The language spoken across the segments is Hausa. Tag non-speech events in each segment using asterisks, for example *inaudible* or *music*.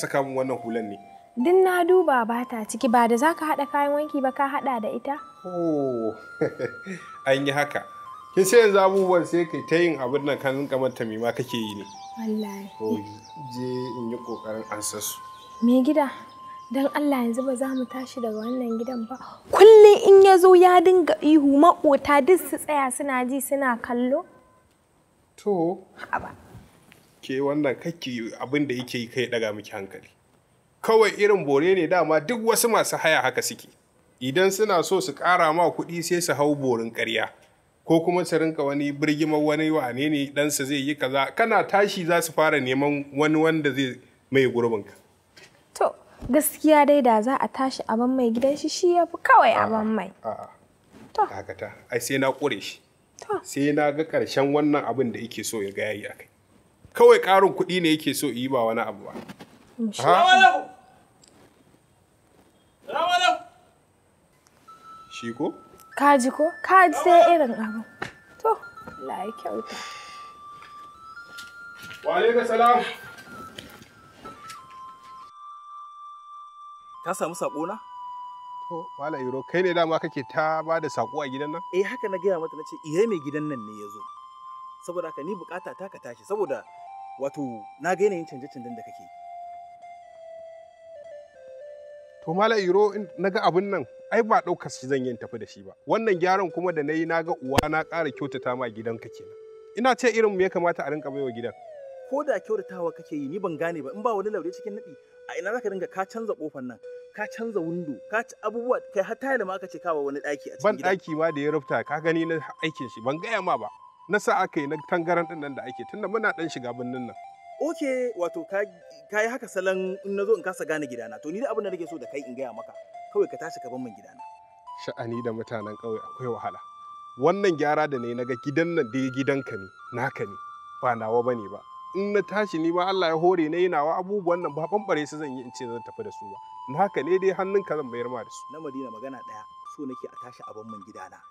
saka min wannan hulan ne. Din na duba ba ta ciki ba da za ka haɗa kayan wanki ba ka haɗa da ita? Oh, *laughs* an yi haka. Kin sai yanzu abubuwan sai kai ta yin abin nan kan kamar tamima kake yi ne. Wallahi. je in yi ƙoƙarin ansa su. Me gida? Don Allah yanzu ba za mu tashi daga wannan gidan ba. Kullum in ya zo ya dinga ihu maƙota duk su tsaya suna ji suna kallo. To. Haba. ke wannan kakki abin da yake yi kai daga miki hankali kawai irin bore ne dama duk wasu masu haya haka suke idan suna so su ƙara ma kuɗi sai su hau borin ƙarya ko kuma su rinka wani birgimar wani wane ne ɗansa zai yi kaza kana tashi za su fara neman wani wanda zai mai ka to gaskiya dai da za a tashi a mai gidan shi shi ya fi kawai a mai to ai sai na ƙure shi sai na ga ƙarshen wannan abin da yake so ya ga yayi akai kawai ƙarin kuɗi ne yake so yi ba wani abu ba shi ko kaji ko kaji sai irin abu to la kyauta Wale ka salam ka samu sako na to mala iro kai ne dama kake ta ba da sako a gidan nan eh haka na gaya mata na ce iya eh, mai gidan nan ne ya zo saboda haka ni bukata ta ka tashi saboda wato na ga yanayin canje-canjen da kake to mala iro na ga abin nan ai ba ɗaukar shi zan yin tafi da shi ba wannan gyaran kuma da na yi na ga uwa na ƙara kyautata ma ka kenan ina ce irin mu ya kamata a rinka baiwa gidan ko da kyautatawa kake yi ni ban gane ba in ba wani laure cikin naɗi a ina zaka dinga ka canza kofar nan ka canza windo ka ci abubuwa kai har tayar ma aka ce kawo wani ɗaki a cikin gidan? ban ɗaki ma da ya rufta ka gani na aikin shi ban gaya ma ba na sa aka yi na tangaran din nan da ake tunda muna dan shiga birnin nan Ok wato ka yi haka salon in nazo in kasa gane gidana to ni da abin da nake so da kai in gaya maka kawai ka tashi ka bar min gidana sha'ani da mutanen ƙauye akwai wahala wannan gyara da na naga gidan nan da gidan ka ne naka ne ba nawa bane ba in na tashi ni ba Allah ya hore na yi nawa abubuwan nan ba bambare su zan yi in ce zan tafi da su ba naka ne dai hannunka zan mayar ma da su na Madina magana daya so nake a tashi a bar min gidana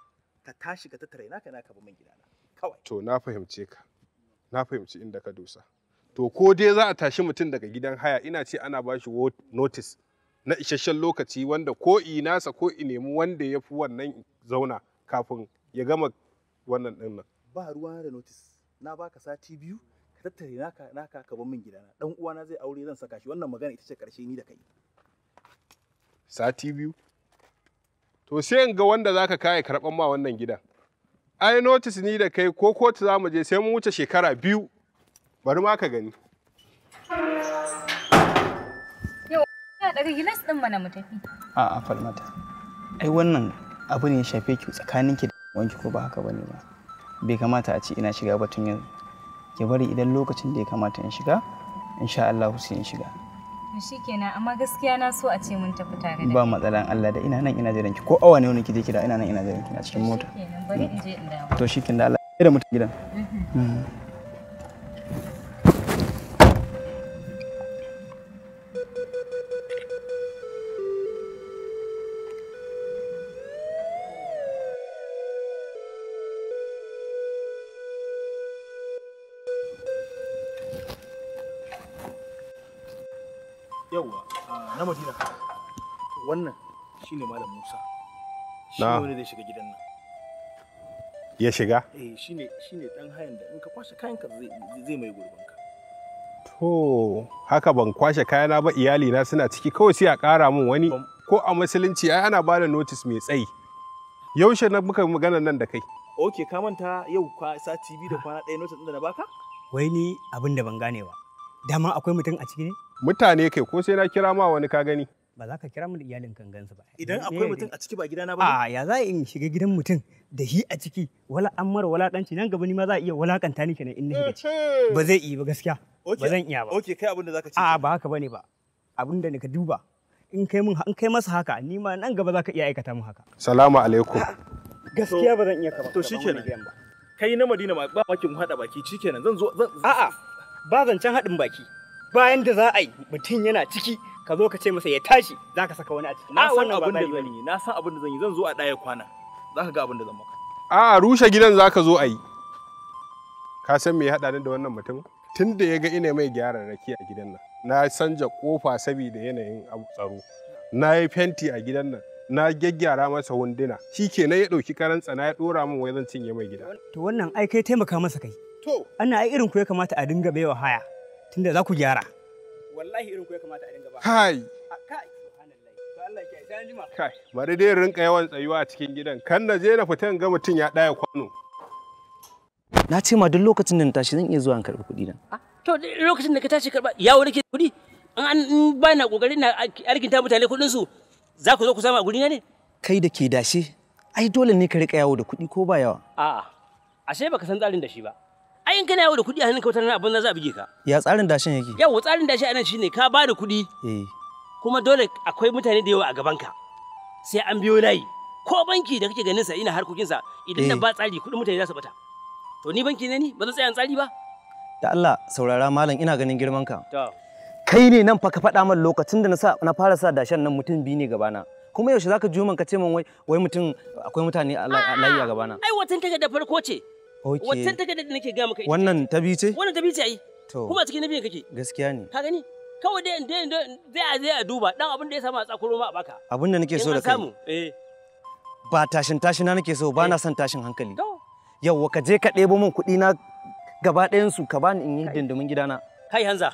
ka tashi ka tattare naka naka bar min gidana kawai to na fahimce ka na fahimci inda ka dosa to ko dai za a tashi mutum daga gidan haya ina ce ana ba shi notice na isasshen lokaci wanda ko i nasa ko i nemi wanda ya fi wannan zauna kafin ya gama wannan ɗin nan ba ruwa da notice na baka sati biyu ka tattare naka naka ka bar min gidana dan uwana zai aure zan saka shi wannan magana ita ce karshe ni da kai sati biyu to sai in ga wanda zaka kaya karɓan ma wannan gidan ai notis ni da kai ko kotu za mu je sai mun wuce shekara biyu bari ma ka gani a falmata ai wannan abu ne ya shafe ki tsakanin ki da wanki ko ba haka bane ba bai kamata a ce ina shiga batun yanzu ki bari idan lokacin da ya kamata in shiga insha Allah sai in shiga shikenan amma gaskiya na so a ce mun tafi tare da ba matsalan Allah da ina nan ina jiran ki ko awa ne wani kije kira ina nan ina jiran ki a cikin mota to shikenan da Allah da mutum gidan mm-hmm. mm. yawa ah, na madina wannan shine malam musa shi ne zai shiga gidan nan ya shiga eh shine shine dan hayan da in ka kwashe kayan ka zai mai gurbin ka to haka ban kwashe kayana ba iyali na suna ciki kawai sai a ƙara min wani ko a musulunci ai ana bada notice mai tsayi yaushe na muka magana nan da kai ok ka manta yau kwa sati biyu da kwana ɗaya notice ɗin da na baka wai ni abin da ban gane ba dama akwai mutum a ciki ne mutane kai ko sai na kira ma wani ka gani ba za ka kira mu da iyalin kan gansu ba idan eh, akwai eh. mutum a ciki ba gidana ba a ya za in shiga gidan mutum da shi a ciki wala mara wala danci nan gaba ni ma za a iya wulakanta ni kenan in ni shiga *laughs* ba zai yi ba gaskiya ba zan iya ba okay kai abin da zaka ci a ba haka bane ba abin da ka duba in kai mun in kai masa haka ni ma nan gaba zaka iya aikata mun haka salamu alaikum *laughs* gaskiya ba zan iya ka ba to shikenan kai na Madina ba ba kin hada baki shikenan zan zo a'a ba zan can hadin baki bayan da za a yi mutum yana ciki ka zo ka ce masa ya tashi za ka saka wani a ciki na san abin da zan yi na san abin da zan yi zan zo a ɗaya kwana za ka ga abin da zan maka a rushe gidan za ka zo a yi ka san me ya haɗa ni da wannan mutum tun da ya ga ina mai gyaran raki a gidan nan na sanja kofa saboda yanayin tsaro na yi fenti a gidan nan na gyaggyara masa wunduna shi ke na ya ɗauki karantsa na ya ɗora min wai zan cinye mai gida to wannan ai kai taimaka masa kai to ana ai irin ku ya kamata a dinga baiwa haya tunda za ku gyara wallahi irin ku ya kamata a dinga ba hai kai bari dai rinka yawan tsayuwa a cikin gidan kan na je na fita ga mutum ya ɗaya kwano na ce ma duk lokacin da na tashi zan iya zuwa in karɓi kuɗi na to lokacin da ka tashi karɓa yawo nake kuɗi an ba na ƙoƙari na arkinta mutane kuɗin su za ku zo ku samu a gurina ne kai da ke dashe ai dole ne ka riƙa yawo da kuɗi ko ba yawa a'a ashe ka san tsarin da shi ba in kana yawo da kuɗi a hannunka wata ranar abin za a bige ka ya tsarin dashen yake yawo tsarin dashen anan shine ka ba da kuɗi eh. kuma dole akwai mutane da yawa a gabanka sai an biyo layi ko banki da kake ganin sa ina harkokinsa idan nan eh. ba tsari kuɗin mutane za su bata to ni banki ne ni ba zan tsaya tsari ba da Allah saurara malam ina ganin girman ka kai ne nan fa ka faɗa min lokacin da na sa na fara sa dashen nan mutum biyu ne gabana kuma yaushe zaka ji min ka ce min wai wai mutum akwai mutane a layi a gabana ai watan take da farko ce Okay. ta takardar da nake ga maka Wannan ta bi ce? Wannan ta bi ce ai. To. Kuma cikin nabiyin kake. Gaskiya ne. Ka gani? Kawai dai dai dai a zai a duba dan abin da ya samu a tsakuro ma a baka. Abin da nake so da kai. samu. Eh. Ba tashin tashin na nake so ba na eh. son tashin hankali. Yawwa ka je ka ɗebo min kuɗi na gaba ɗayan su ka bani in yi dindimin gidana. Kai Hanza,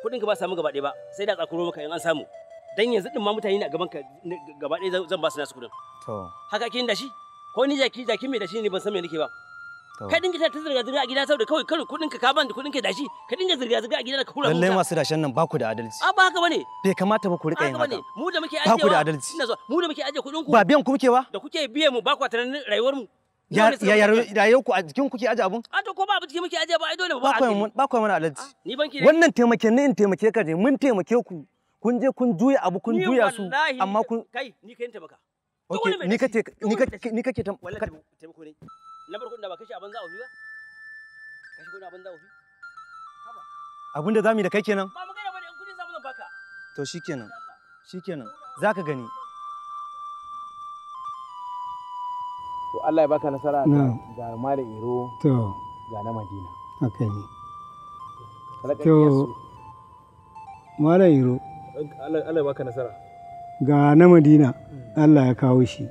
kuɗin ka ba samu gaba ɗaya ba, sai da tsakuro maka in an samu. Dan yanzu din ma mutane na gaban ka gaba ɗaya zan ba su nasu kuɗin. To. Haka kin da shi? Ko ni jaki jaki mai da shi ne ban san me nake ba. ka dinga ta zirga zirga a gida saboda kawai karo kudin ka ban da kudin ka dashi ka dinga zirga zirga a gida ka kula lallai masu dashen nan baku da adalci a ba haka bane bai kamata ba ku rika yin haka mu da muke ajewa baku da adalci mu da muke aje kudin ku ba biyan ku muke ba da kuke biye mu ba ku rayuwar mu ya rayuwar ku a jikin kuke aje abun a to ko ba abu jikin muke aje ba ai dole ba ba ku mana adalci ni banki wannan taimake ne in taimake ka ne mun taimake ku kun je kun juya abu kun juya su amma kun kai ni kai taimaka ni kake ni kake ni kake taimako ne. na farko da zamu yi da kai kenan to shikenan shikenan zaka gani to Allah ya baka nasara ga to ga na Madina haka ne to Malam Iro Allah ya baka nasara ga na Madina mm. Allah ya kawo shi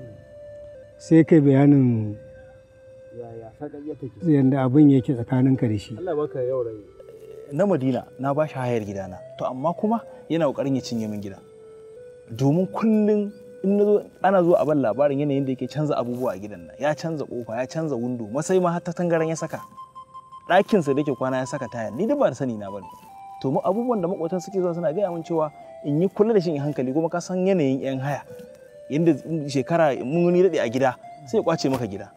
sai kai bayanin Yanda abin yake tsakaninka da shi Allah baka yau na Madina na ba shi hayar gidana to amma kuma yana kokarin ya cinye min gida domin kullun in na ana zuwa a ban labarin yanayin da yake canza abubuwa a gidan nan ya canza kofa ya canza windo masai ma garan tangaran ya saka ɗakinsa da yake kwana ya saka taya ni duk ba da sani na bane to mu abubuwan da makwatan suke zuwa suna gaya min cewa in yi kula da shi in hankali kuma ka san yanayin yan haya yanda shekara mun ni daɗe a gida sai ya kwace maka gida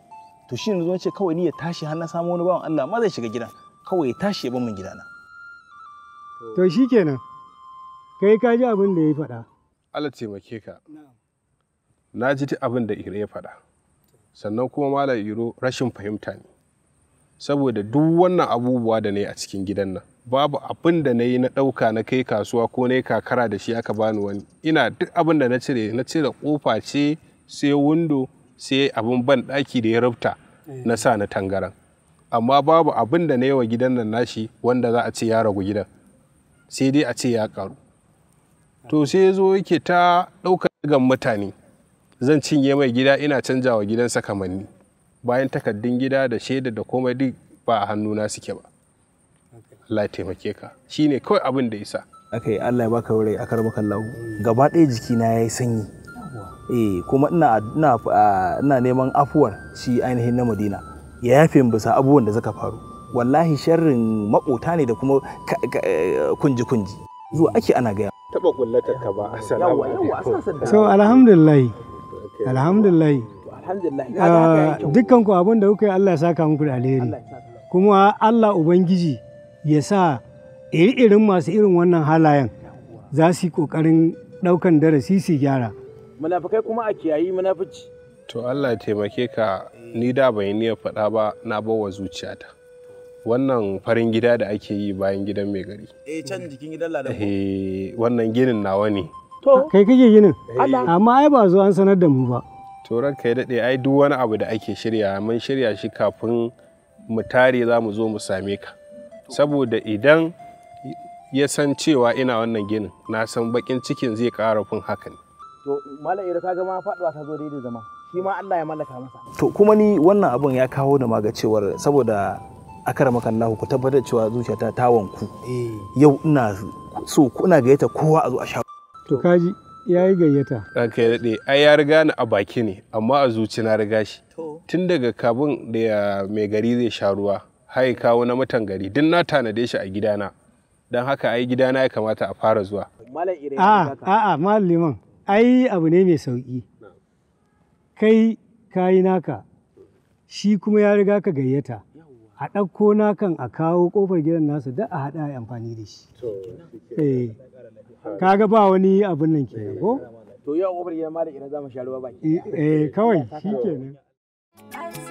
to shi ne zuwa kawai ni ya tashi har na samu wani bawan Allah ma zai shiga gidan kawai ya tashi ya min gidana to shi kenan kai ka ji abin da ya faɗa Allah taimake ka na ji abin da Iro ya faɗa sannan kuma malam Iro rashin fahimta ne saboda duk wannan abubuwa da na yi a cikin gidan nan babu abin da na yi na ɗauka na kai kasuwa ko na yi kakara da shi aka bani wani ina duk abin da na cire na cire kofa ce sai windo sai abin ban ɗaki da ya rubta eh. na sa na tangaran amma babu abin da na yi wa gidan nan nashi wanda za a ce ya ragu gidan sai dai a ce ya karu to sai ya zo yake ta ɗaukar gan mutane zan cinye mai gida ina canja wa gidan sakamanni bayan takardun gida da shaida da komai duk ba a hannuna suke ba Allah ya taimake ka shine kawai abin da isa aka Allah ya baka wurai akar baka lawo gaba ɗaya jikina ya yi sanyi eh kuma ina ah, neman afuwar shi ainihin na Madina ya yafe bisa abubuwan da zaka faru wallahi sharrin makota ne da kuma eh, kunji kunji zuwa ake ana gaya taba kullatar ka ba assalamu so alhamdulillah alhamdulillah ah, dukkan ku abin da kuka yi Allah ya saka muku da alheri kuma Allah ubangiji ya sa iri-irin masu irin wannan halayen za su yi ƙoƙarin ɗaukan darasi su gyara munafikai kuma a kiyayi munafici to Allah taimake ka ni da ban niyyar faɗa ba na bawa zuciyata wannan farin gida da ake yi bayan gidan mai gari eh can jikin gidan ladan eh wannan ginin nawa ne to ah, kai kake ginin eh. amma ai ba zo an sanar da mu ba to ranka ya dade ai duk wani abu da ake shirya mun shirya shi kafin mu tare za mu zo mu same ka saboda idan ya san cewa ina wannan ginin na san bakin cikin zai ƙara fin haka ne to mala ira kaga ma faduwa ta zo daidai zama shi ma Allah ya mallaka masa to kuma ni wannan abun ya kawo da maga cewar saboda akara maka Allah ku tabbatar cewa zuciyata ta wanku eh. yau ina so kuna gayyata kowa a zo a sha to kaji ya yi gayyata ranka ya daɗe ai ya riga ni a baki ne amma a zuci na riga shi tun daga kabin da mai gari zai sha ruwa hai kawo na mutan gari din na tanade shi a gidana don haka ai gidana ya kamata a fara zuwa malam a a ah, malam liman ai abu ne mai sauki kai kayi naka shi kuma ya riga ka gayyata a ɗauko nakan a kawo ƙofar gidan nasu da a haɗa amfani da shi eh. Ka ga ba wani abin nan ke ko eh. to yau ƙofar gidan ma da idan za mu sha ruwa eh, kawai shi kenan